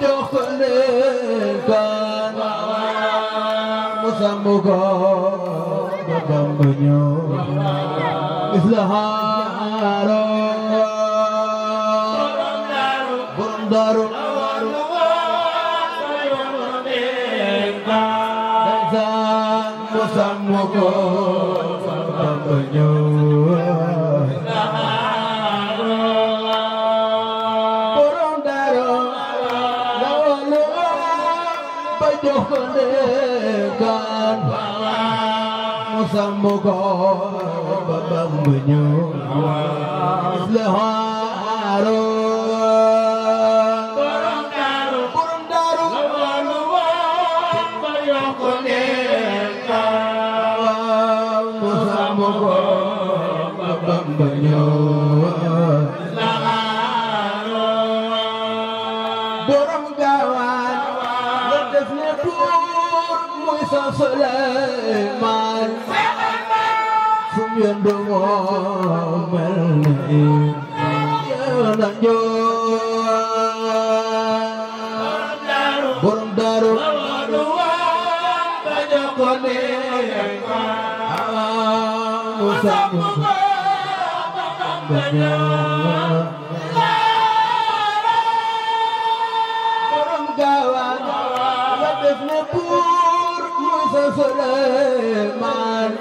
jox leen kan mu sàmm ko ba Bamba ñëw islahaaro borom daaru mu sàmm ko ba Bamba ñëw mu sàmm ko ba Bamba ñëw isla haaro borom gaawaan muy sa Suleymaan sum yondu moo mel ni yàlla njool borom daaru ba jokone mu sàmm ba Borom gaawaan la def ne buur phơ phơ lê man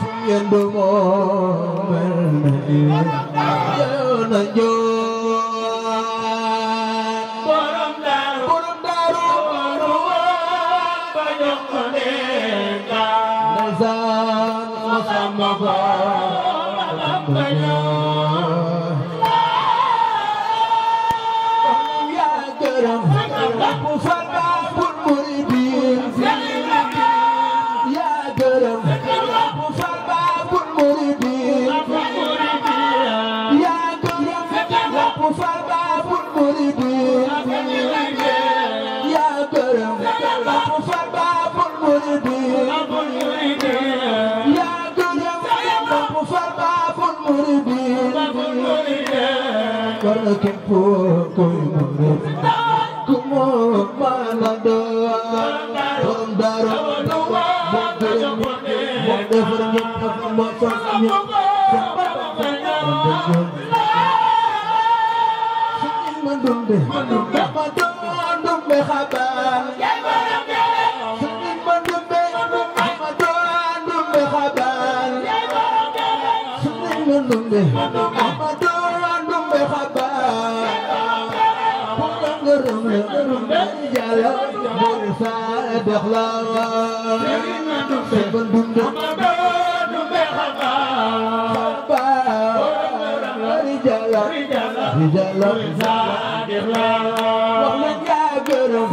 Phung yên đôi mô bên mê Nhớ là nhớ Hãy subscribe cho kênh Ghiền Mì Gõ Để không bỏ lỡ những video hấp dẫn Mandumbe, mandumbe, mandumbe, mandumbe, mandumbe, Ndumbe Amadu Ndumbe xaba ngërëm ngërëm jala bori sa dexla Ndumbe Ndumbe Ndumbe xaba xaba bori jala jala sa dexla wax na ja gërëm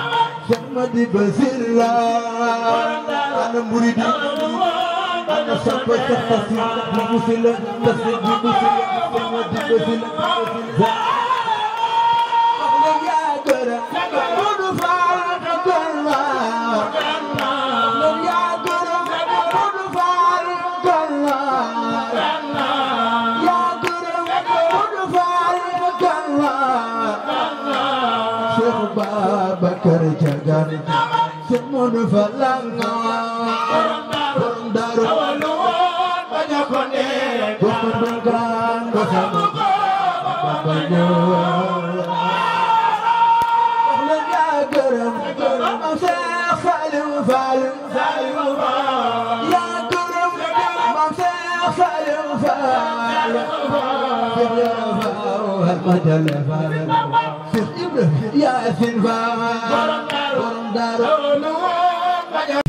Amadi Basir la ana murid ana soppa soppa si bu bu si la tasi bu bu si la Amadi Basir la Babakar jagan semon falang borom daru awalon banyak kone borom berkan bersama babanya Madalena Yeah, I baax borom daaru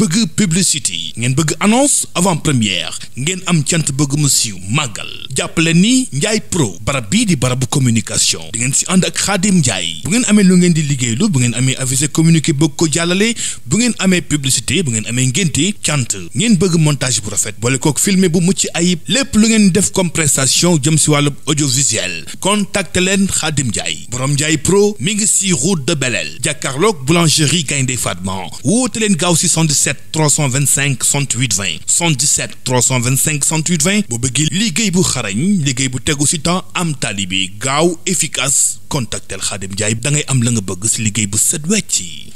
bëgg publicité ngeen bëgg annonce avant première ngeen am cant bëgg mu magal, màggal jàppale ni Pro barab bii di barabu communication di ngeen si ànd ak Xaadim Ndiaye bu ngeen amee lu ngeen di liggéeylu bu ngeen amee avisé communiqué bëgg ko jàllale bu ngeen amee publicité bu ngeen amee ngénte cant ngeen bëgg montage bu rafet boole kook filmé bu mucc ayib lépp lu ngeen def comme prestation jëm si wàllu audiovisuel contacte leen Xaadim Ndiaye borom Ndiaye Pro mi ngi si route de Belel jàkkaarloog boulangerie Gaynde Fatma woote leen gaaw si 77 325 68 20 77 325 68 20 boo bëggee liggéey bu xarañ liggéey bu tegu ci temps am taalibe gaaw efficace contactel Xaadim Njaay da am la nga bëgg ci liggéey bu set wecc